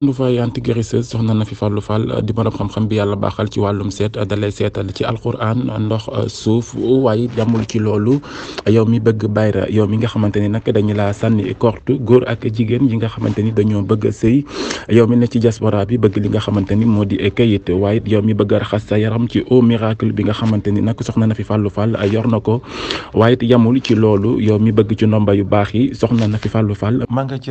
lu fay anti guérisseuse soxna na fi fàllu fal euh, di borom xam-xam bi yàlla baaxal ci wàllum seet euh, dalay seetal ci alquran euh, ndox suuf waaye yamul ci loolu yaw mi bëgg bayra yow mi nga xamante ni nag dañu laa sànni korte góor ak jigéen yi nga xamante ni dañoo bëgg a sëy yow mi ne ci diaspora bi bëgg li nga xamante ni moo di kayit waaye yow mi bëgg a raxas sa yaram ci au miracle bi nga xamante ni nag soxna na fi fàllu fal yor na ko waaye yamul ci loolu yow mi bëgg ci ndomba yu baax yi soxna na fi fàllu fal ma nga ci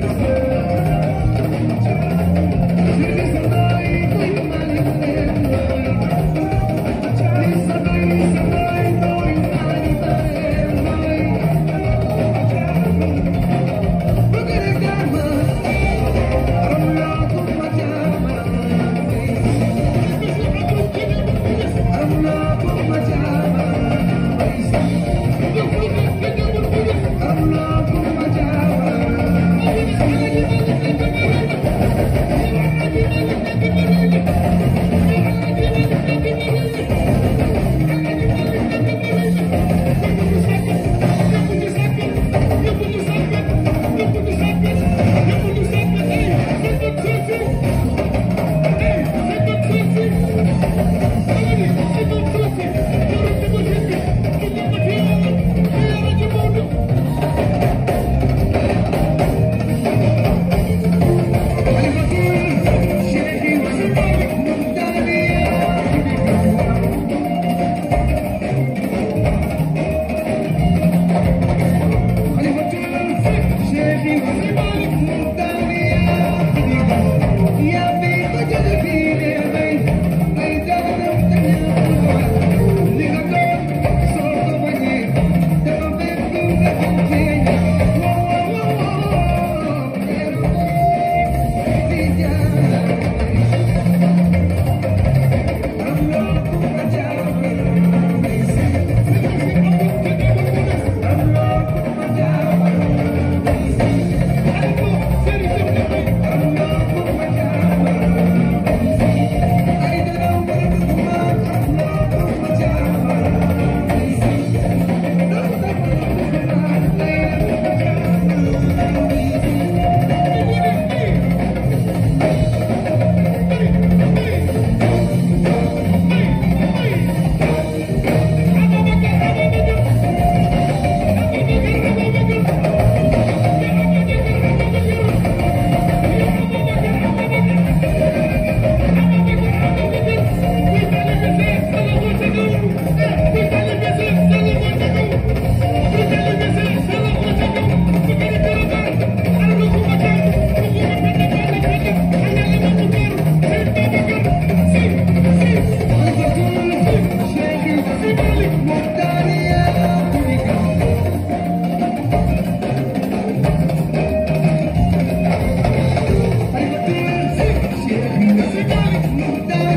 Thank you. Thank you.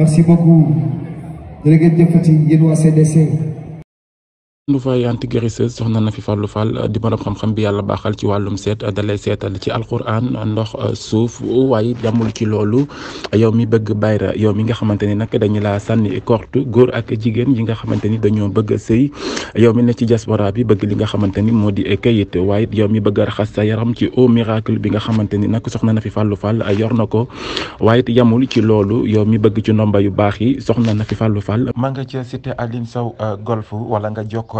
merci beaucoup jërëjëf jëfati yéen waa CDC Louvaye antiguérisseuse soxna na fi fàllu fàll di borom xam-xam bi yàlla baaxal ci wàllum seet dalay seetal ci alquran ndox suuf waaye yamul ci loolu yow mi bëgg bayra yow ni nag dañu laa sànni korte góor ak jigéen yi nga xamante ni dañoo bëgg a sëy yow mi ne ci diaspora bi bëgg li nga xamante ni moo di kayit waaye yow mi bëgg a raxas sa yaram ci eau miracle bi nga xamante ni nag soxna na fi fàllu fàll yor na ko waaye yamul ci loolu yow mi bëgg ci nomba yu baax soxna na fi fàllu fàll maa nga ci cité Aline Sow euh, golf wala nga jokk